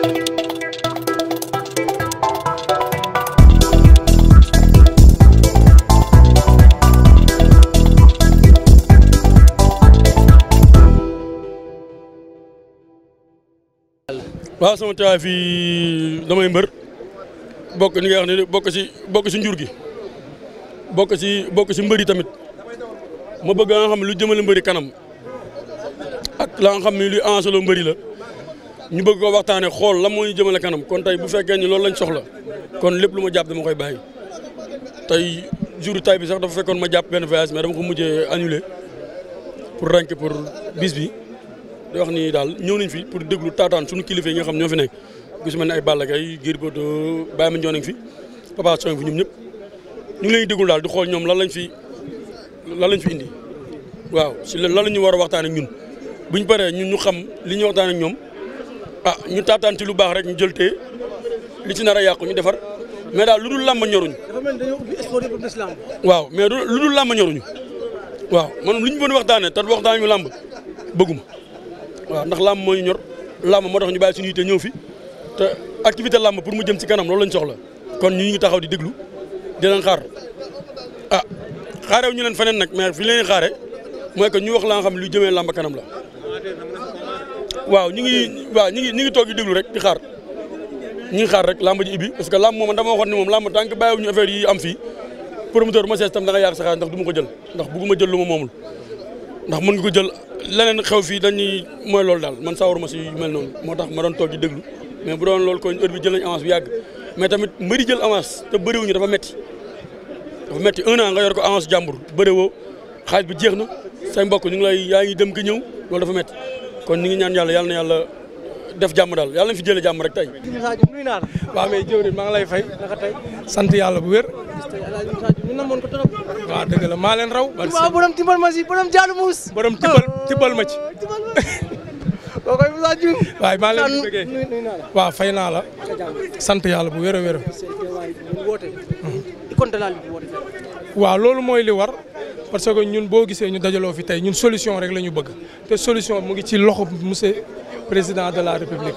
waaw sama teewaay fii damay mbër bokk ni nga wax ne bokk si njur gi bokk si bokk si mbër yi tamit ma bëgg nga xam lu jëmale mbëri kanam ak la nga xam ne luy enjeu mbëri la ñu bëgg ko waxtaanee xool la mooy ñu jëmale kanam kon tey bu fekkee ni loolu lañ soxla kon lépp lu ma jàpp dama koy bàyyi tey jour tay bi sax dafa fekkoon ma jàpp benn voyage mais dama ko mujjee pour rank pour bis bi di wax daal ñëw nañ fi pour déglu taataan suñu kilifa yi nga xam ñoo fi nekk gis mel ne ay Balla ay Gris Bordeaux Baye Mandione ngi fi Papa Sow fi ñoom ñëpp ñu ngi leen déglu daal di xool ñoom lan lañ fi lan lañ fi indi waaw si lan la ñu war a waxtaan ak ñun ñu paree ñun ñu xam li ñu ñoom ah ñu taataan ci lu baax rek ñu jël lu li ci nar a yàqu ñu defar mais lu dul làmb ñoruñu. dafa mel ni waaw mais lu dul làmb ñoruñu waaw man lu ñu doon waxtaanee te waxtaan ñu làmb bëgguma waaw ndax làmb moo ñu ñor làmb moo tax ñu bàyyi suñu yite ñëw fi activité làmb pour mu jëm ci kanam loolu lañ soxla kon ñu ñu taxaw di déglu di leen xaar ah xaarew ñu leen feneen nag mais fi leen xaare mooy que ñu wax la nga lu jëmee làmb kanam la. waaw ñu ngi waaw ñu ngi ñu ngi toog yi déglu rek di xaar ñu xaar rek làmb ji ibbi parce que làmb moom dama waxoon ne moom làmb tant que bàyyiwuñu affaire yi am fii promoteur ma sees tam da nga yàq sa ndax du ma ko jël ndax bugguma jël lu ma moomul ndax mën nga ko jël leneen xew fii dañuy mooy loolu daal man sawaruma si mel noonu moo tax ma doon toog di déglu mais bu doon loolu kon heure bi jël nañ avance bi yàgg mais tamit mbari jël avance te bëriwuñu dafa metti dafa metti un an nga yor ko avance jàmbur bëriwoo xaalis bi jeex na say mbokk ñu ngi lay yaa ngi dem ko ñëw loolu dafa metti kon ñu ngi ñaan yàlla yàlla na yàlla def jàmm daal yàlla na fi jëlee jàmm rek tey. waaw mais jëwriñ maa ngi lay fay. naka tey sant yàlla bu wér. waaw dëgg la maa leen raw. waaw borom timbal ma si borom jaalu muus. borom timbal timbal ma ci. Oh, waaye maa leen di bëggee fay naa la. sant yàlla bu wér a hmm. loolu mooy li war. parce que ñun boo gisee ñu dajaloo fi tey ñun solution rek la ñu bëgg te solution mu ngi ci loxo monsieur président de la république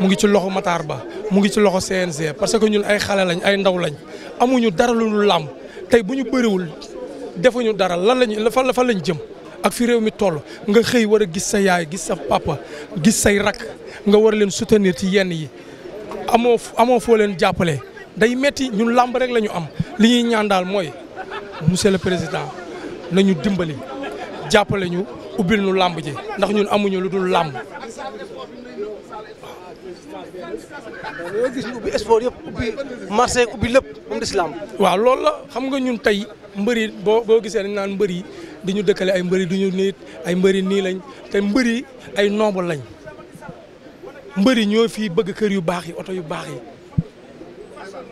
mu ngi ci loxo Matar Ba mu ngi ci loxo CNG parce que ñun ay xale lañ ay ndaw lañ amuñu dara lu làmb tey bu ñu bëriwul defuñu dara lan lañu fan la fan jëm ak fi réew mi toll nga xëy war a gis sa yaay gis sa papa gis say rakk nga war leen soutenir ci yenn yi amoo amoo foo leen jàppale day metti ñun làmb rek la ñu am li ñuy ñaan daal mooy monsieur le président. nañu dimbali jàppale ñu ubbil ñu làmb ji ndax ñun amuñu lu dul làmb. waaw gis ubbi lépp moom des làmb. waaw loolu xam nga ñun tey mbëri boo boo gisee dañ naan mbëri di ñu dëkkale ay mbëri du ñu niit ay mbëri nii lañ te mbëri ay noobu lañ mbëri ñoo fii bëgg kër yu baax yi oto yu baax yi.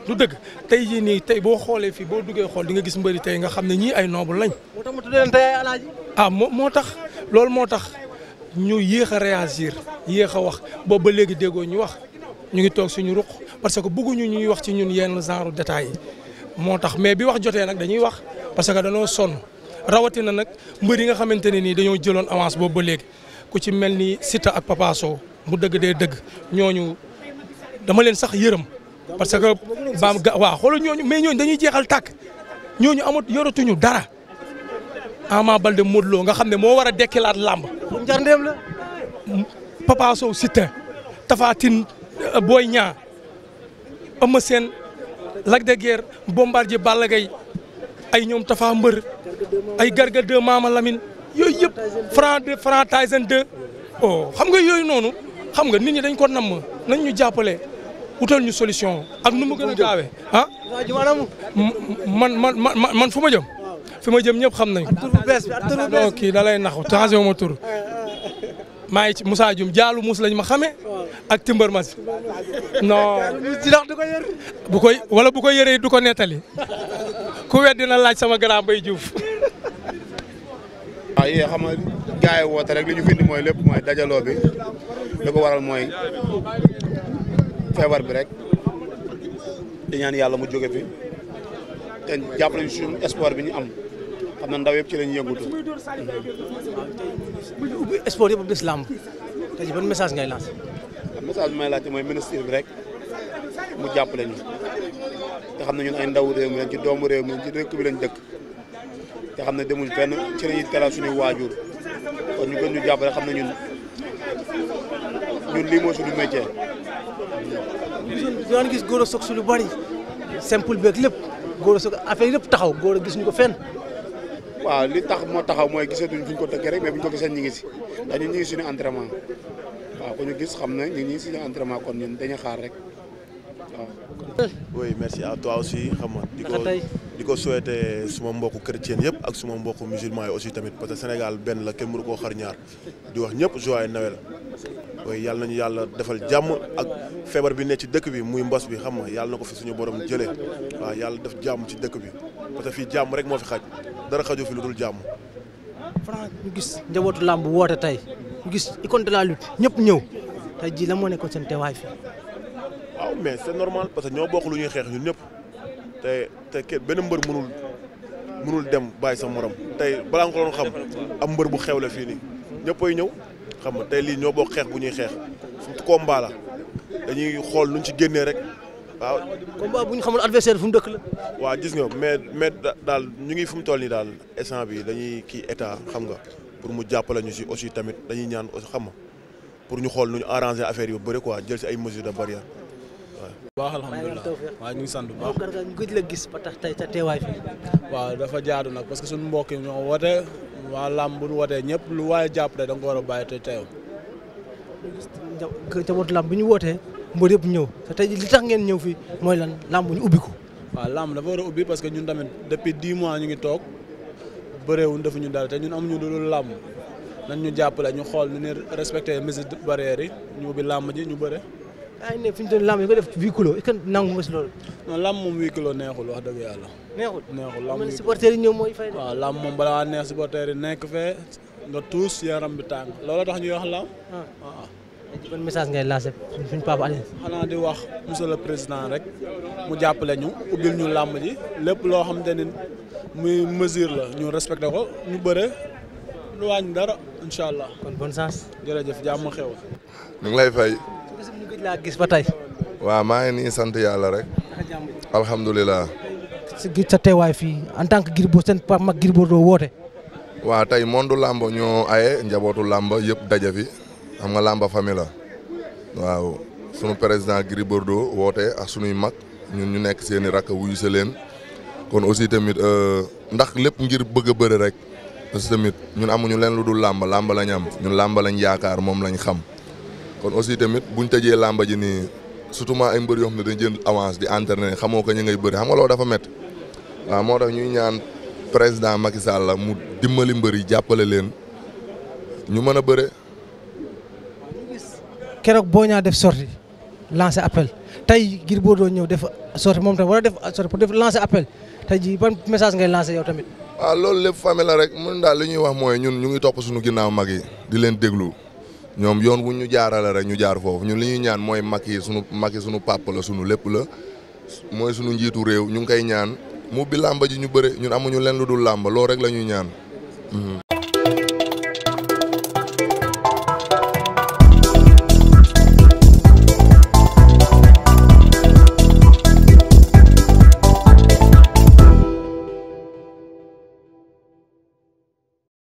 lu dëgg tey jii nii tey boo xoolee fii boo duggee xool di nga gis mbëri tey nga xam ne ñii ay noble lañ. moo tax mu tuddee leen tey alaaji ah moo tax loolu moo tax ñu yéex a réagir yéex a wax boobu ba léegi déggoo ñu wax ñu ngi toog suñu ruq parce que bëgguñu ñuy wax ci ñun yenn genre détails yi moo tax mais bi wax jotee nag dañuy wax parce que dañoo sonn rawatina nag mbër yi nga xamante ne nii dañoo jëloon avance boobu ba léegi ku ci mel ni Siteu ak Papa mu dëgg dee dëgg ñooñu dama leen sax yërëm. parce que baam ga ñooñu mais ñooñu dañuy jeexal tàkk ñooñu amat yoratuñu dara Ama Baldé Modou nga xam ne moo war a dekkilaat làmb. njarndeem la. Papa Sow Siteu Tapha Tine euh, Boy Niang Eumeu Sène Lac ay ñoom Tapha Mbër ay Garga 2 Mama Lamine yooyu yëpp Franc 2 Franc oh, xam nga yooyu noonu xam nga nit ñi dañ ko namm nañ ñu jàppale. utal ñu solution ak nu mu gën a gaawee ah? man man man man fu ma jëm. fi ma jëm ñëpp xam nañu. tur bu bees bi tur kii da lay naxu changé ma tur. maa ngi ci Moussa Dioum jaalu muus lañ ma xame ak timbar mas non bu koy wala bu ko yëree du ko nettali. ku wet laaj sama grand bay Diouf. waaw ah, yéen xam nga gars rek li ñu fi mooy lépp mooy dajaloo bi li ko waral mooy. feebar bi rek di ñaan yàlla mu jóge bi te jàpp nañ suñu espoir bi ñu am xam na ndaw yëpp ci lañ yëngutu ubbi espoir yëpp des làmb tey ji message ngay laajte mooy ministre bi rek mu jàppale ñu te xam ne ñun ay ndaw réew mi lañ ci réew mi lañ ci dëkk bi dëkk te xam ne demuñ fenn ci lañuy teral suñuy waajur kon ñu gën ñu jàppale xam ne ñun ñun lii mooy suñu métier daan gis góor a soog si lu bari simple beeg lépp góor a soog affaire yëpp taxaw góor a gis ñu ko fenn. waaw li tax moo taxaw mooy gisatuñ fu ñu ko tëggee rek bu ko gisee ñu ngi si ndax ñun ngi suñu entraînement waaw ku ñu gis xam na ñu ngi suñu entraînement kon ñun dañuy rek merci à aussi xam nga di ko di ko souhaité suma mbokku chrétien yëpp ak suma mbokku musulman yi aussi tamit parce Sénégal benn la kenn mënu koo xar ñaar di wax ñëpp joyeux Noël. mooy yàlla na ñu yàlla defal jàmm ak feebar bi ne ci dëkk bi muy mbos bi xam nga yàlla na ko fi suñu borom jëlee waaw yàlla def jàmm ci dëkk bi parce que fii jàmm rek moo fi xaj dara xajoo fi lu dul jàmm. Franc gis njabootu làmb woote tey ñu gis icône de la lutte ñëpp ñëw jii la moo nekkoon seen teewaay fii. mais c'est normal parce que ñoo bokk lu ñuy xeex ñun ñëpp te te kenn benn mbër mënul mënul dem bàyyi sa morom tey balaa nga xam am mbër bu xew la fii nii ñëppay ñëw. xam nga tey lii ñoo bokk xeex bu ñuy xeex fu combat la dañuy xool nuñ ci génnee rek waaw. combat bu ñu xamul adversaire fu mu dëkk la. waaw gis nga mais mais daal ñu ngi fu mu toll nii daal essan bi dañuy kii état xam nga pour mu jàppale si aussi tamit dañuy ñaan aussi xam nga pour ñu xool nu ñu arranger affaire yu bëri quoi jël si ay mesures de barrière waaw. baax alhamdulilah waaw ñu ngi baax. ñu gëj la gis ba tax tey sa teewaay fi. waaw dafa jaadu nag parce que suñu ñoo woote waa làmb bu ñu wootee ñëpp lu waaye jàpp rek da nga ko war a bàyyi te teew. njabootu làmb bi ñu wootee mbër yëpp ñëw te tey li tax ngeen ñëw fii mooy lan làmb ñu ubbi ko. waa làmb dafa war a ubbi parce que ñun tamit depuis dix mois ñu ngi toog bëreewuñ ñu dara te ñun amuñu ñu dul làmb nañ ñu jàppale ñu xool ñu ne respecté mesures barrières ñu ubbi làmb ji ñu bëre. yaa ngi ne fi ñu doon lamb def huis clos est-ce que nangu nga si loolu. non lamb moom dëgg yàlla. neexul neexul lamb yi supporter yi ñoom mooy fay. moom balaa neex supporter yi nekk fee nga tuus yaram bi tàng tax ñuy wax lamb. Ah. waaw. ban ngay lancer suñ papa xanaa di wax monsieur le président rek mu jàppale ñu ubbil ñu làmb ji lépp loo xamante ni muy mesure la ñu respecté ko ñu bëre lu wàññi dara incha allah. kon bonne chance. jërëjëf jàmm xew. ñu ngi lay fay. laa gis ba tey. waaw maa ngi ni sant yàlla rek. alhamdulilah. sa teewaay fii en tant que Gris Bordeaux seen papa mag Gris Bordeaux woote. waaw tey monde làmb ñoo aye njabootu làmb yëpp daje fi xam nga làmb famille la waaw sunu président Gris Bordeaux woote ak sunuy mag ñun ñu nekk seen i rakk wuyu leen kon aussi tamit euh, ndax lépp ngir bëgg bëri rek. parce que tamit ñun amuñu leen lu dul làmb làmb lañ am ñun làmb lañ yaakaar moom lañ xam. kon aussi tamit buñ tëjee làmba ji nii surtout ma ay mbër yoo xam ne dañ jënd avance di entraîner xamoo ko ñu ngay bëri xam nga loolu dafa métti waaw moo ñuy ñaan président Macky Sall la mu dimbali mbër yi jàppale leen ñu mën a bëre. keroog boo ñaa def sorti lancer appel tey ngir boo doon ñëw def sorti moom tamit war def sorti pour def lancer appel tey jii ban message ngay lancer yow tamit. waaw ah, loolu lépp la rek mun daal li ñuy wax mooy ñun ñu ngi topp suñu ginnaaw mag yi di leen déglu. ñoom yoon wu ñu jaarale rek ñu jaar foofu ñun li ñuy ñaan mooy Macky yi sunu Macky sunu pàpp la sunu lépp la mooy sunu njiitu réew ñu ngi koy ñaan mu bi làmba ji ñu bëre ñun amuñu leen lu dul làmba loolu rek la ñuy ñaan.